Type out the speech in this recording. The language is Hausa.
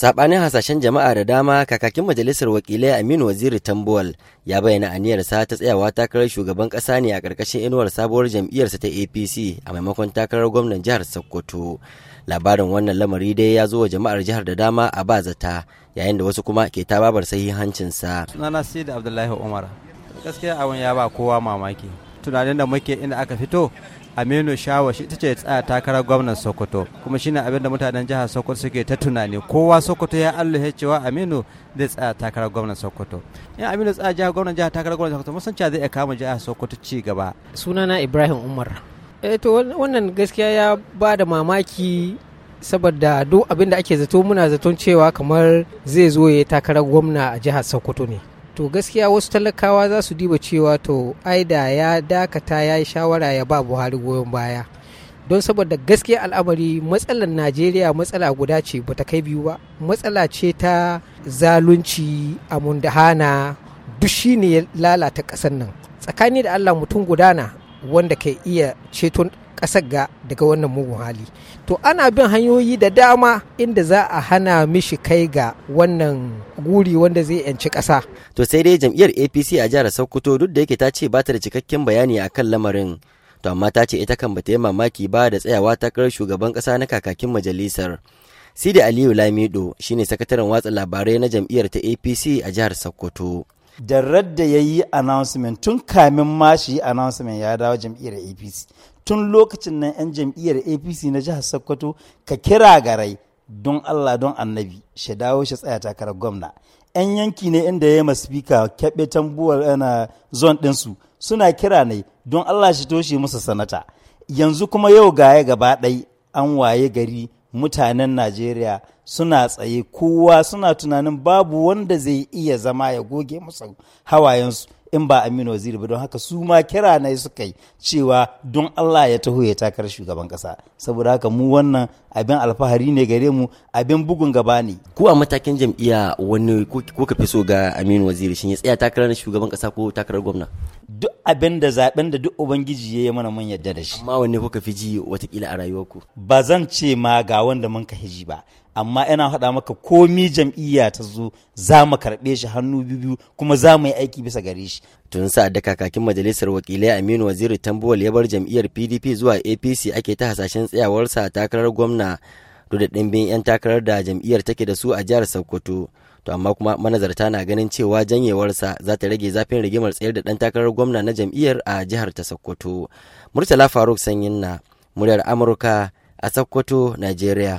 Saɓanin hasashen jama'a da dama kakakin majalisar wakilai Aminu Waziri Tambuwal ya bayyana aniyarsa ta tsayawa takarar shugaban ƙasa ne a ƙarƙashin inuwar sabuwar jam'iyyarsa ta APC a maimakon takarar gwamnan jihar Sokoto. Labarin wannan lamari dai ya zo wa jama'ar jihar da dama a ba zata yayin da wasu kuma ke ta babar sahihancinsa. Sunana Sidi Abdullahi Umar. Gaskiya abin ya ba kowa mamaki. tunanin da muke inda aka fito aminu shawa shi ita ce tsaya takarar gwamnan sokoto kuma shine abin da mutanen jihar sokoto suke ta tunani kowa sokoto ya alluhe cewa aminu zai tsaya takarar gwamnan sokoto in aminu tsaya jihar gwamnan jihar takarar gwamnan sokoto mun cewa zai iya kama jihar sokoto ci gaba sunana ibrahim umar eh to wannan gaskiya ya ba da mamaki saboda duk abin da ake zato muna zaton cewa kamar zai zo ya takarar gwamna a jihar sokoto ne to gaskiya wasu talakawa za su diba cewa to aida ya dakata ya yi shawara ya ba buhari goyon baya don saboda gaskiya al'amari matsalar najeriya matsala guda ce ba ta kai biyu ba matsala ce ta zalunci a mundahana duk shi ne lalata ƙasar nan tsakani da allah mutum gudana wanda ke iya ceton ƙasar ga daga wannan mugun hali to ana bin hanyoyi da dama inda za a hana mishi kai ga wannan guri wanda zai yanci ƙasa to sai dai jam'iyyar apc a jihar sokoto duk da yake ta ce ba ta da cikakken bayani akan lamarin to amma ta ce ita kan bata yi mamaki ba da tsayawa takarar shugaban ƙasa na kakakin majalisar sidi aliyu lamido shine sakataren watsa labarai na jam'iyyar ta apc a jihar sokoto da radda ya yi announcement tun kamin ma shi yi announcement ya dawo jam'iyyar apc tun lokacin nan 'yan jam'iyyar apc na jihar sokoto ka kira garai don allah don annabi shi dawo shi tsaya takarar gwamna 'yan yanki ne inda ya yi speaker keɓe tambuwar yana zon ɗinsu suna kira ne don allah shi toshe musu sanata yanzu kuma yau gaya gaba ɗai an waye gari mutanen najeriya suna tsaye kowa suna tunanin babu wanda zai iya zama ya goge musu hawayensu in ba aminu waziri ba don haka su ma kira na suka yi cewa don allah ya taho ya takar shugaban kasa saboda haka mu wannan abin alfahari ne gare mu abin bugun gaba ne ko a matakin jam'iyya wani ko ka fi so ga aminu waziri shi ya tsaya takarar shugaban kasa ko takarar gwamna duk abin da zaben da duk ubangiji ya yi mana mun yadda da shi amma wanne kuka fi ji watakila a rayuwarku ba zan ce ma ga wanda mun ka hiji ba amma yana faɗa maka komi jam'iyya ta zo za mu karɓe shi hannu biyu kuma za mu yi aiki bisa gare shi. Tun sa da kakakin majalisar wakilai Aminu Waziri Tambuwal ya bar jam'iyyar PDP zuwa APC ake ta hasashen tsayawarsa takarar gwamna duk da ɗimbin 'yan takarar da jam'iyyar take da su a jihar Sokoto. To amma kuma manazarta na ganin cewa janyewarsa za ta rage zafin rigimar tsayar da ɗan takarar gwamna na jam'iyyar a jihar ta Sokoto. Murtala Faruk Sanyin na muryar Amurka a Sokoto, Najeriya.